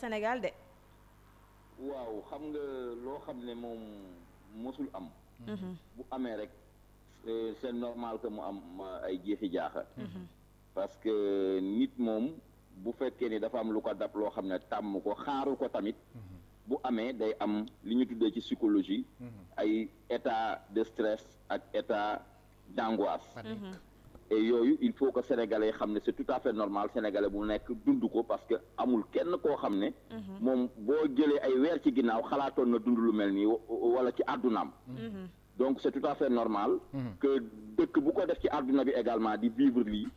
Sénégal de. waaw xam nga loo xam ne moom mosul am. Mhm. bu amee rek euh, c'est normal que mu am ay jeexi jaaxa. Mhm. parce que nit moom bu fekkee ni dafa am lu ko dab loo xam ne tàmm ko xaaru ko tamit. Mhm. bu amee day am li ñu tuddee ci psychologie. ay état de stress ak état d'angoisse. yooyu il faut que sénégalais xam ne c'est tout à fait normal sénégalais bu nekk dund ko parce que amul kenn koo xam ne. Mhm. moom boo jëlee ay weer ci ginnaaw xalaatoon na dund lu mel nii wala ci àddunaam. Mhm. donc c'est tout à fait normal. Mhm. que dëkk bu ko def ci àdduna bi également di vivre lii.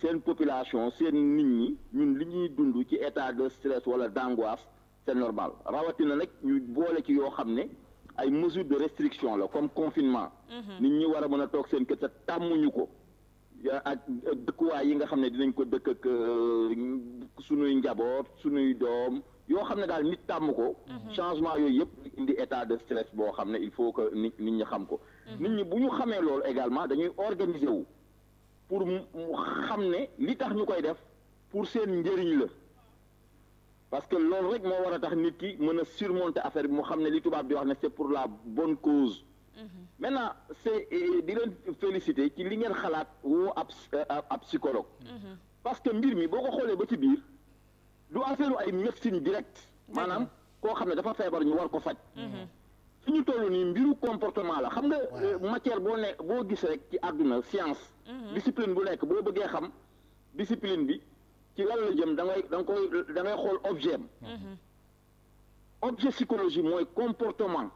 seen population seen nit ñi ñun li ñuy dund ci état de stress wala d'angoisse c'est normal rawatina nag ñu boole ci yoo xam ne ay mesures de restriction la comme confinement. nit ñi war mën a toog seen kër tàmmuñu ko. ak dëkkuwaay yi nga xam ne dinañ ko dëkk euh, suñuy njaboot sunuy doom yoo xam ne daal nit tàmm ko. Mhm. changement yooyu yëpp indi état de stress boo xam ne il faut que nit nit ñi xam ko. Mhm. nit ñi bu ñu xamee loolu également dañuy organiser wu pour mu xam ne li tax ñu koy def pour seen njëriñ la. parce que loolu rek moo war a tax nit ki mën a surmonter affaire bi mu xam ne li tubaab di wax ne c'est pour la bonne cause. Mhm. maintenant c'est di leen féliciter ci li ngeen xalaat woo ab euh, ab psychologue. Mhm. parce que mbir mi boo ko xoolee ba ci biir du affaire ay médecine direct maanaam koo xam ne dafa feebar ñu war ko faj. su mhm. ñu toll nii mbiru comportement la xam nga euh, matière boo ne boo gis rek ci àdduna science. discipline bu nekk boo bëggee xam discipline bi ci lan la jëm da ngay da nga xool objet am. objet psychologie mooy comportement.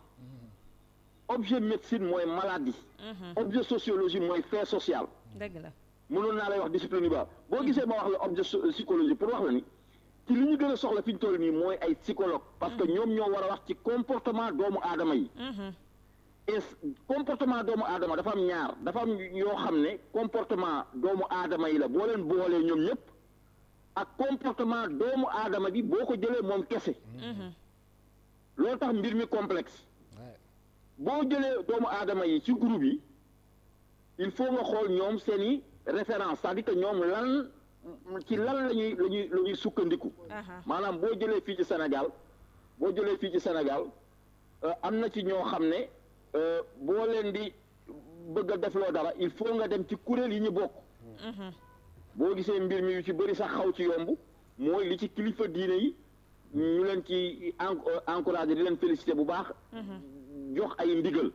objet médecine mooy maladie. Mhm. objet sociologie mooy fait social. dëgg la mënoon naa lay wax discipline yu baax boo mhm. gisee ma wax la objet psychologie pour wax la ni ci li ñu gën soxla fi ñu toll nii mooy ay psychologue parce que mhm. ñoom ñoo war a wax ci comportement doomu aadama yi. et comportement doomu aadama dafa am ñaar dafa am yoo xam ne comportement doomu aadama yi la boo leen boolee ñoom ñëpp ak comportement doomu aadama bi boo ko jëlee moom kese. loolu tax mbir mi complexe. boo jëlee doomu aadama yi ci group yi il faut nga xool ñoom seen i référence c'est-à-dire que ñoom lan ci lan la ñuy la ñuy la ñuy sukkandiku uh-huh. maanaam boo jëlee fii ci Sénégal boo jëlee fii ci Sénégal euh, am na ci ñoo xam ne euh, boo leen di bëgg a defloo dara il faut nga dem ci kuréel yi ñu bokk uh-huh. boo gisee mbir mi yu ci bëri sax xaw ci yomb mooy li ci kilifa diine yi ñu leen ci euh, encouragé di leen félicité bu baax uh-huh. jox ay ndigal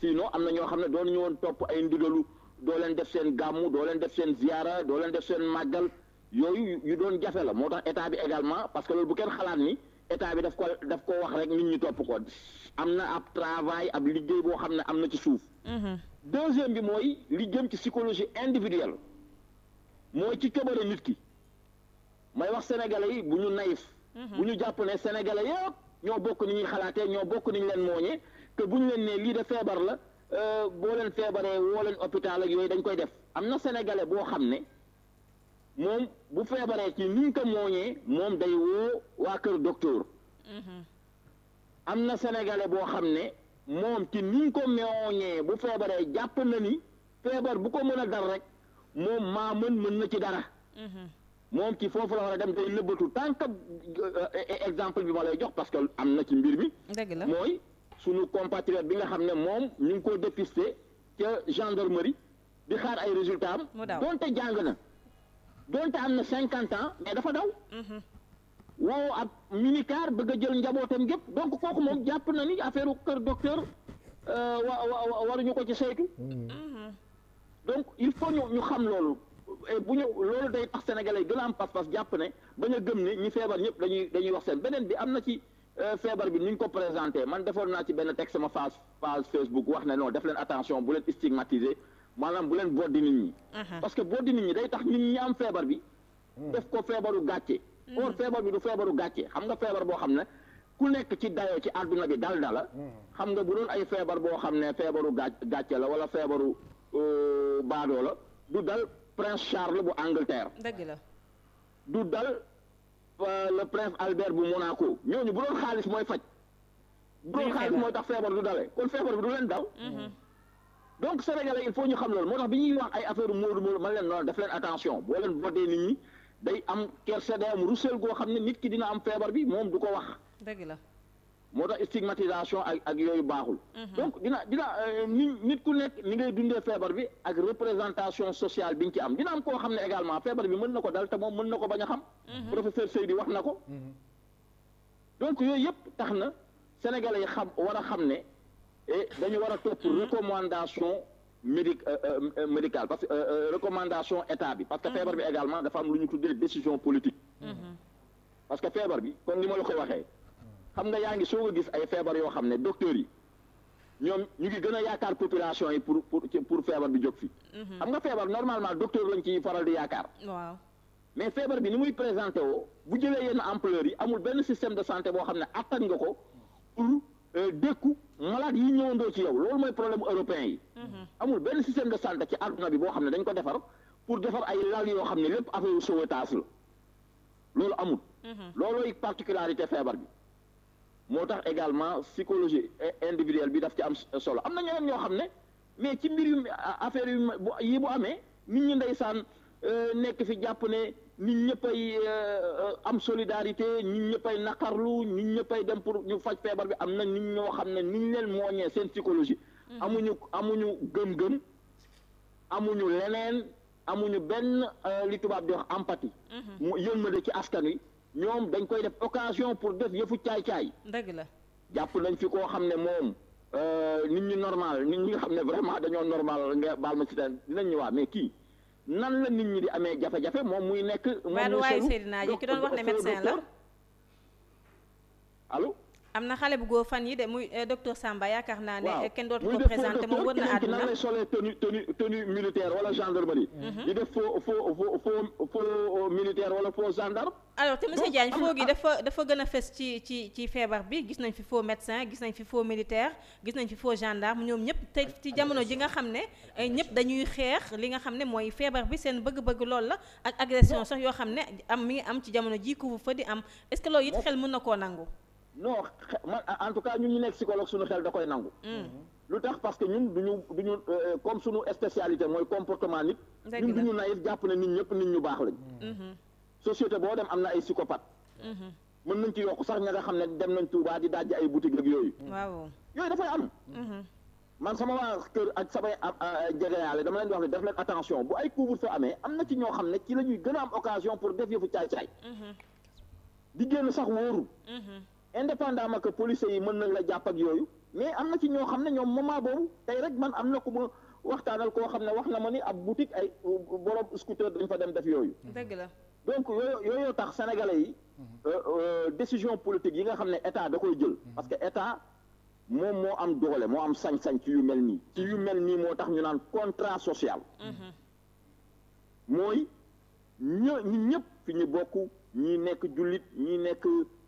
sinon am na ñoo xam ne doon ñu woon topp ay ndigalu doo leen def seen gàmmu doo leen def seen ziyaara doo leen def seen màggal yooyu yu doon jafe la moo tax état bi également parce que loolu bu kenn xalaat ni état bi daf ko daf ko wax rek nit ñi topp ko am na ab travail ab liggéey boo xam ne am na ci suuf. Mhm. deuxième bi mooy li jëm ci psychologie individuelle mooy ci cobare nit ki may wax sénégalais yi bu ñu naïf. Mhm. bu ñu jàpp ne sénégalais yëpp ñoo bokk ni ñuy xalaatee ñoo bokk ni leen mooñee. te bu ñu leen nee lii de feebar la euh, boo leen feebaree woo leen hôpital ak yooyu dañ koy def am na sénégalais boo xam ne moom bu feebaree ci niñ ko mooñee moom day woo waa kër docteur. Mhm. am na sénégalais boo xam ne moom ci niñ ko mooñee bu feebaree jàpp na ni feebar bu ko mën a dal rek moom maa mën mën na ci dara. Mhm. moom ci foofu la war a dem day nëbbatu tant euh, e-, e-, exemple bi ma lay jox parce que am na ci mbir mi. dëgg la mooy. sunu compatriote bi nga xam ne moom ñu ngi ko dépisté ca gendarmerie di xaar ay résultat am donte jàng na donte am na cinquante ans mais dafa daw mhm. waaw ab minicar bëgg a jël njabootam gépp donc kooku moom jàpp na ni affaire kër docteur euh, wa waruñu ko ci saytu mhm. donc il faut ñu ñu xam loolu bu ñu loolu day tax sénégalais gën a am pas-pas jàpp ne bañ a gëm ne ñi feebar ñëpp dañuy wax seen beneen bi am na ci Euh, feebar bi ni ko présenté man defoon naa ci benn texte sama phase phase Facebook wax ne non def leen attention bu leen stigmatiser maanaam bu leen boddi nit ñi. Uh-huh. parce que boddi nit ñi day tax nit ñi am feebar bi. Hmm. def ko feebaru gàcce. Hmm. or feebar bi du feebaru gàcce xam nga feebar boo xam ne ku nekk ci dayoo ci àdduna bi dal na la. Hmm. xam nga bu doon ay feebar boo xam ne feebaru gàcce la wala feebaru euh, baadoo la du dal prince Charles bu Angleterre. dëgg la du dal Euh, le prince Albert bu Monaco ñooñu bu doon xaalis mooy faj. bu doon xaalis mooy tax feebar du dale kon feebar bi du leen daw. Mhm. donc sénégalais il faut ñu xam loolu moo tax bi ñuy wax ay affaire Modou Modou man leen noonu def leen attention boo leen voté nit ñi day am kersa day am rusel goo xam ne nit ki dina am feebar bi moom du ko wax. dëgg la. moo tax stigmatisation ak ak yooyu baaxul. Mhm. donc dina dina euh, nit ku nekk ni ngay dundee feebar bi ak représentation sociale bi ñu ci am dina am koo xam ne également feebar bi mën na ko dal te moom mën na ko bañ a xam. Mhm. professeur Seydi wax na ko. Mhm. donc yooyu yëpp tax na sénégalais yi xam war a xam ne eh, dañu war a topp recommandation médic euh, euh, médicale parce que recommandation état bi. parce que feebar bi également dafa am lu ñu tuddee décision politique. parce que feebar bi comme ni ma la ko waxee. xam nga yaa ngi soog a gis ay feebar yoo xam ne docteurs yi ñoom ñu ngi gën a yaakaar population yi pour pour pour feebar bi jóg fi mhm. xam nga feebar normalement docteur lañ ci faral di yaakaar. waaw mais feebar bi ni muy présenté woo bu jëlee yenn ampleur yi amul benn système de santé boo xam ne attan nga ko pour euh, dékku malade yi ñëwandoo ci yow loolu mooy problème européen yi. Mhm. amul benn système de santé ci àdduna bi boo xam ne dañ ko defar pour defar ay lal yoo xam ne lépp affaire sauvetage loolu amul. Mhm. loolooy particularité feebar bi. moo tax également psychologie individuelle bi daf ci am solo am na ñeneen ñoo xam ne mais ci mbir yu affaire yu yi bu amee nit ñi ndeysaan euh, nekk fi jàpp ne nit ñëppay euh, euh, am solidarité nit ñëppay naqarlu nit ñëppay dem pour ñu faj feebar bi am na nit ñoo xam ne nit ñu leen mooñee seen psychologie. Mm-hmm. amuñu amuñu gëm-gëm amuñu leneen amuñu benn li tubaab di wax empathie. Mm-hmm. mu yërmande ci askan wi. ñoom dañ koy def occasion pour def yëfu caay-caay. dëgg la jàpp nañ fi koo xam ne moom euh, nit ñi normal nit ñi nga xam ne vraiment dañoo normal nga baal ma ci daan dinañ ñëwaat mais kii nan la nit ñi di amee jafe-jafe moom muy nekk. moom muy seetlu waaye ki doon wax ne médecin la allo. am na xale bu góor fan yi de muy eh, docteur Samba yaakaar naa ne eh, kenn dootu ko présenté moom wër na àdduna lay solee tenue tenue tenue militaire wala gendarmerie mhm. di def faux faux faux militaire wala faux gendarme alors te monsieur Diagne faux gi ah. dafa dafa gën a fës ci ci ci feebar bi gis nañ fi faux médecin gis nañ fi foo militaire gis nañ fi foo gendarme ñoom ñëpp te ci jamono ji nga xam ne eh, ñëpp dañuy xeex li nga xam ne mooy feebar bi seen bëgg-bëgg lool la ak agression sax yoo xam ne am mi ngi am ci jamono ji couvre-feu di am est-ce it mën na koo nangu non man en tout cas ñun ñu nekk psychologue suñu xel da koy nangu. Mm. lu tax parce que ñun du ñu du ñu euh, comme suñu spécialité mooy comportement nit. ñun du ñu naïf jàpp ne nit ñëpp nit ñu baax lañ. Mm. Mm-hmm. société boo dem am na ay psychopathe. Mm-hmm. mën nañ ci yokk sax ña xam ne dem nañ Touba di dajji ay boutique ak yooyu. Mm. waaw yooyu dafay am. Mm-hmm. man sama waa kër ak samay jegeyaale dama leen di wax ne def leen attention bu ay couvre-feu amee am na ci ñoo xam ne ci la ñuy gën a am occasion sax wóorul. indépendamment que policiers yi mën nañ la jàpp ak yooyu mais am na ci ñoo xam ne ñoom moment boobu tey rek man am na ku ma waxtaanal koo xam ne wax na ma ni ab boutique ay borom scooter dañ fa dem def yooyu. dëgg la donc yooyu yooyu tax sénégalais yi. Mm-hmm. Euh, euh, décision politique yi nga xam ne état da koy jël. Mm-hmm. parce que état moom moo am doole moo am sañ-sañ ci yu mel nii. ci yu mel nii moo tax ñu naan contrat social. Mm-hmm. mooy ñoo ñëpp fi ñu bokk ñii nekk jullit ñii nekk.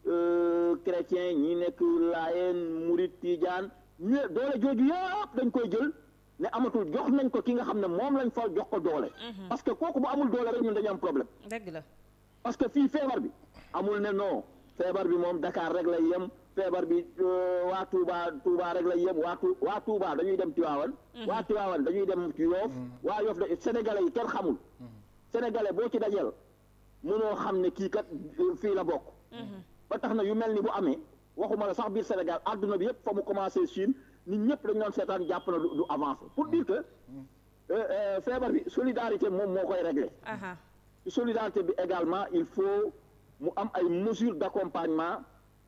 Euh, chrétien ñi nekk laayeen murit tijaan ñu doole jooju yëpp dañ koy jël ne amatul jox nañ ko ki nga xam ne moom lañ fal jox ko doole. Mhm. parce que kooku bu amul doole rek ñun dañu am problème. dëgg la parce que fii feebar bi amul ne non feebar bi moom Dakar rek lay yem feebar bi euh, waa Touba Touba rek lay yem waa tu waa dañuy dem Tiwaawan. Mhm. waa Tiwaawan dañuy dem Yoof. Mhm. waa Yoof de Sénégalais yi kenn xamul. Sénégalais boo ci dajeel mënoo xam ne kii kat euh, fii la bokk. ba tax na yu mel ni bu amee waxuma la sax biir Sénégal àdduna bi yëpp fa mu commencé Chine nit ñëpp dañu doon seetaan jàpp na du avance pour dire que euh, euh, feebar bi solidarité moom moo koy réglé solidarité bi également il faut mu am ay mesures d'accompagnement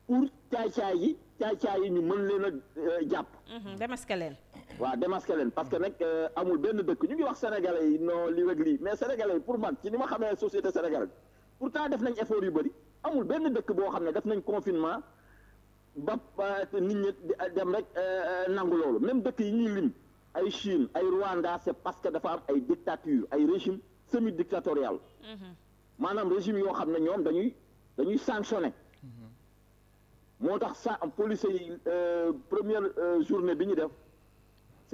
pour caay-caay yi caay-caay yi ñu mën leen a euh, jàpp mhm, démasqué leen waaw démasqué leen parce que nag amul benn dëkk ñu ngi wax sénégalais yi non li wég lii mais sénégalais pour man ci ni ma xamee société sénégalaise pourtant def nañ effort yu bëri amul benn dëkk boo xam ne daf nañ confinement ba nit ñi dem rek euh, euh, nangu loolu même dëkk yi ñuy lim ay Chine ay Rwanda c'est parce que dafa am ay dictature ay régime semi dictatorial mhm. maanaam régime yoo xam ne ñoom dañuy dañuy sanctionné mhm. moo tax sa police yi euh, première journée bi ñu def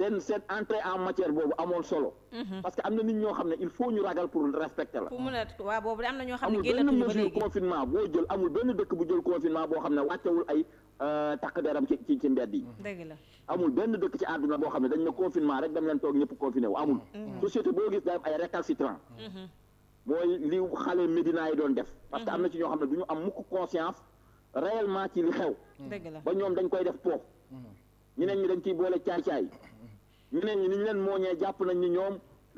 seen seen entrée en matière boobu amoon solo. Mhm. parce que am na nit ñoo xam ne il faut ñu ragal pour respecter la. pour mun a waaw boobu am na ñoo xam ne génnatuñu ba léegi amul confinement boo jël amul benn dëkk bu jël confinement boo xam ne wàccewul ay euh, takk deram ci ci ci mbedd yi. Mhm. la amul benn dëkk ci àdduna boo xam ne dañ ne confinement rek dem leen toog ñëpp confiné wu amul. Mhm. société boo gis day am ay récalcitrant. mooy li xale Médina yi doon def. parce que am na ci ñoo xam ne du ñu am mukk conscience réellement ci li xew. dëgg la ba ñoom dañ koy def po. ñeneen ñi dañ ciy boole caay-caay ne ñi niñ leen moo ñee jàpp nañ ni ñoom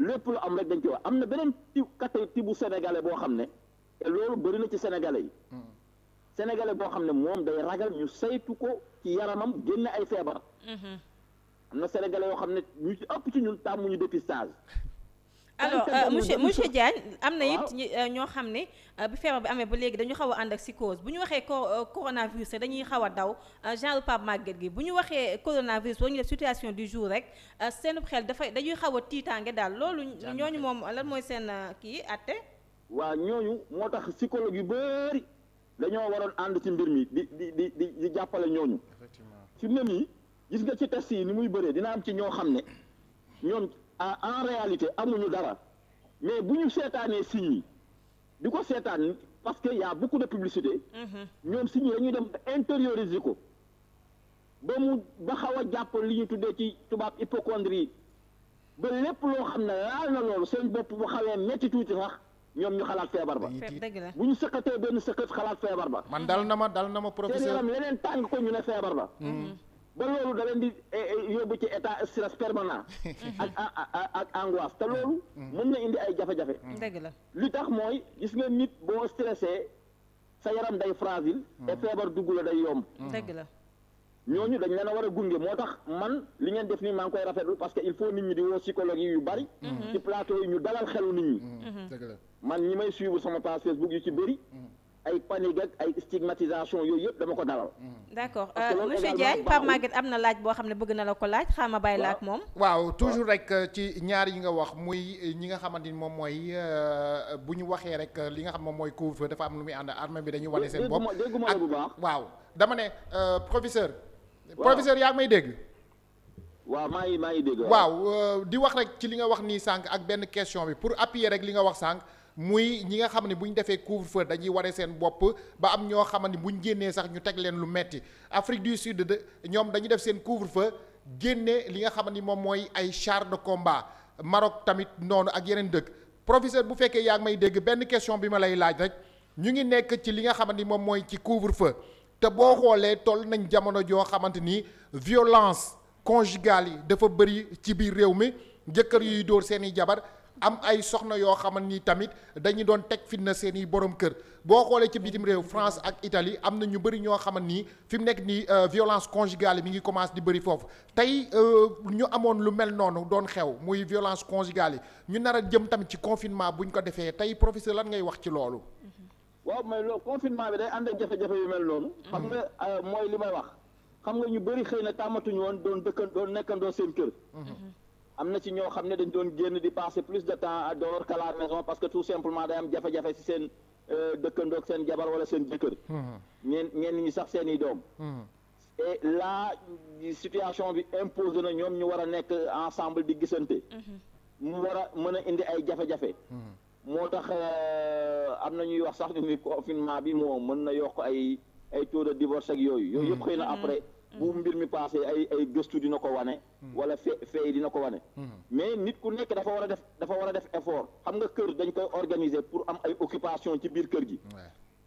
lépp lu am rek dañ koy wax am na beneen ti kate ti bu sénégalais boo xam ne te loolu bëri na ci sénégalais yi hmm. sénégalais boo xam ne moom day ragal ñu saytu ko ci yaramam génn ay feebar hmm. am na sénégalais yoo xam ne ñu ci ëpp ci ñun tàmmuñu dépistage alors euh, monsieur monsieur Diagne am na it euh, ñoo xam ne euh, bi feebar bi amee ba léegi dañu xaw a ànd ak psychose bu ñu waxee coronavirus rek dañuy xaw a daw genre Pape Maguette gi bu ñu waxee coronavirus boo ñu def situation du jour rek seen xel dafay dañuy xaw a tiitaange daal loolu ñooñu moom lan mooy seen kii atte waaw ñooñu moo tax psychologue yu bëri dañoo waroon ànd ci mbir mi di di di di jàppale ñooñu ci même yi gis nga ci test yi ni muy bëree dina am ci ñoo xam ne ñoom ah en réalité amuñu dara mais bu ñu seetaanee signes yi di ko seetaan parce yaa y' a beaucoup de publicité. Mhm. ñoom signes yi dañuy dem intérioriser ko ba mu ba xaw a jàpp li ñu tuddee ci tubaab hypochondrie ba lépp loo xam ne laal na loolu seen bopp bu xawee métti tuuti sax ñoom ñu xalaat feebar ba. bu ñu sëkkatee benn sëkkat xalaat feebar ba. man dal na ma dal na ma professeur seen yaram leneen tàng ko ñu ne feebar ba. Mhm. ba loolu da di eh, eh, yóbbu ci état stress permanent ak ak angoisse te loolu mën mm. na indi ay jafe-jafe mm. dëgg la li tax mooy gis nga nit boo stressé sa yaram day fragile mm. et feebar dugg la day yomb dëgg la ñooñu dañ leen war a gunge moo tax man li ngeen def nii maa ngi koy rafetlu parce que il faut nit ñi di woo psychologue yu bari mm-hmm. ci plateau yi ñu dalal xelu nit ñi mm-hmm. man ñi may suivre sama page Facebook yu ci bëri ay panique ak ay stigmatisation yooyu yëpp dama ko dalal. Mm-hmm. d'accord euh, monsieur Diagne Pape Maguette am na laaj boo xam ne bëgg na la ko laaj xaama bàyyi la ak moom. waaw toujours rek euh, ci ñaar yi nga wax muy euh, ñi nga xamante ni moom mooy bu ñu waxee rek li nga xam moom mooy couvre dafa am lu muy ànd armée bi dañuy wane seen bopp ak waaw dama ne professeur. professeur yaa ngi may dégg. waaw maa ngi maa ngi dégg. waaw di wax rek ci li nga wax nii sànq ak benn question bi pour appuyer rek li nga wax sànq. muy ñi nga xam ne bu ñu defee couvre-feu dañuy waree seen bopp ba am ñoo xam ne bu génnee sax ñu teg leen lu metti Afrique du Sud de ñoom dañuy def seen couvre-feu génne li nga xam ni moom mooy ay chars de combat Maroc tamit noonu ak yeneen dëkk professeur bu fekkee yaa ngi may dégg benn question bi ma lay laaj rek ñu ngi nekk ci li nga xam ni moom mooy ci couvre-feu te boo xoolee toll nañ jamono joo xamante ni violence conjugale yi dafa bëri ci biir réew mi jëkkër yuy dóor seeni jabar am ay soxna yoo xamante nii tamit dañu doon teg fitna seen i borom kër boo xoolee ci bitim réew France ak itali am na ñu bëri ñoo xamante ni fi mu nekk nii euh, violence conjugale mi ngi commencé di bëri foofu tey euh, ñu amoon lu mel noonu doon xew muy violence conjugale ñu nar a jëm tamit ci confinement bu ñu ko defee tey professeur lan ngay wax ci loolu. waaw mais loolu confinement bi day ànd ak jafe-jafe yu mel noonu. Mm-hmm. xam nga euh, mooy li may wax xam nga ñu bëri xëy na tàmmatuñu woon doon dëkkan doon seen kër. Mm-hmm. am na ci ñoo xam ne dañ doon génn di passer plus de temps dehors qu'à la maison parce que tout simplement day am jafe-jafe ci seen euh, dëkkandoog seen jabar wala seen jëkkër hmm. ñeen ñenn ñi sax seen i doom hmm. et là situation bi impose na ñoom ñu war a nekk ensemble di gisante hmm. mu war a mën a indi ay jafe-jafe moo tax euh, am na ñuy wax sax ni confinement bi moo mën na yokk ay ay taux de divorce yooyu yooyu yëpp xëy na après bu mbir mi passé ay ay gëstu dina ko wane. Hmm. wala fe fee dina ko wane. Hmm. mais nit ku nekk dafa war a def dafa war a def effort xam nga kër dañ koy organiser pour am ay occupation ci biir kër gi.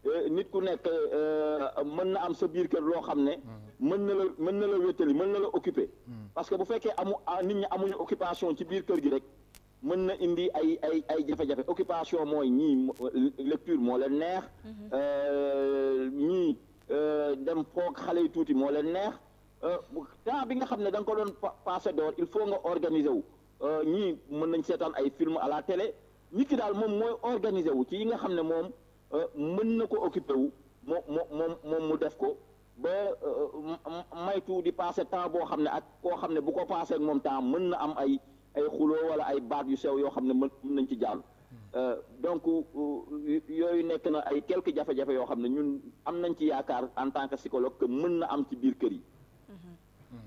Euh, nit ku nekk euh, mën na am sa biir kër loo xam ne. Hmm. mën na la mën na la wétali mën na la occuper. parce que bu fekkee amu nit ñi amuñu occupation ci biir kër gi rek. mën na indi ay ay ay jafe-jafe occupation mooy ñii lecture moo la neex euh, ñii Euh, dem foog xale yu tuuti moo leen neex euh, temps bi nga xam ne danga ko doon passé door il faut nga organiser wu euh, ñii mën nañ seetaan ay film à la télé nit ki daal moom mooy organiser wu ci yi nga xam ne moom mën na ko occupé wu moo moom moom mu def ko ba maytu di passé temps boo xam ne ak koo xam ne bu ko passé ak moom temps mën na am ay ay xuloo wala ay baat yu sew yoo xam ne mën nañ ci jàll Euh, donc euh, yooyu nekk na ay quelques jafe-jafe yoo xam ne ñun am nañ ci yaakaar en tant que psychologue que mën na am ci biir kër yi. Mm-hmm.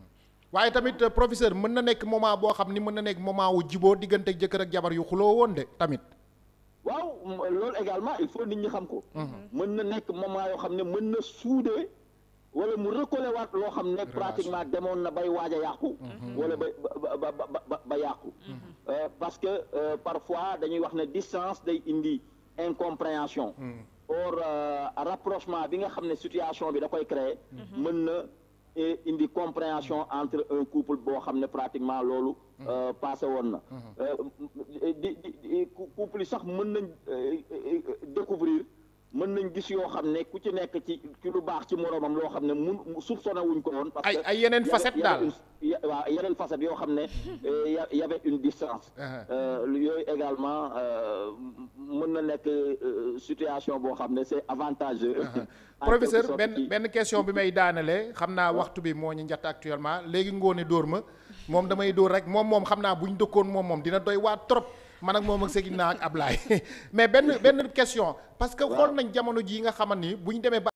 waaye tamit euh, professeur mën na nekk moment boo xam ni mën na nekk moment wu jiboo diggante jëkkër ak jabar yu xuloo woon de tamit. waaw loolu également il faut nit ñi xam ko. Mm-hmm. mën na nekk moment yoo xam ne mën na suudee wala mu recoller waat loo xam ne pratiquement demoon na bay waaj a yàqu mhm. wala ba ba ba ba yàqu mhm. euh, parce que euh, parfois dañuy wax ne distance day indi incompréhension mhm. or euh, rapprochement bi nga xam ne situation bi da koy créer mën na indi compréhension entre un couple boo xam ne pratiquement loolu passé woon na di di couple yi sax mën nañ découvrir mën nañ gis yoo xam ne ku ci nekk ci ci lu baax ci moroomam loo xam ne mun soupçonné wuñ ko woon. parce que ay yeneen facettes daal waaw yeneen facettes yoo xam ne euh, y avait une distance. Uh-huh. Euh, yooyu également euh, mën na nekk situation boo xam ne c'est avantage uh-huh. professeur benn benn question bi may daanale xam naa waxtu bi moo ñu njatt actuellement léegi ngoone dóor ma moom damay dóor rek moom moom xam naa bu ñu dëkkoon moom moom dina doy waa trop. man ak moom ak Seydina ak Ablaye mais benn benn question parce que xool nañ jamono jii nga xamante ni bu ñu demee ba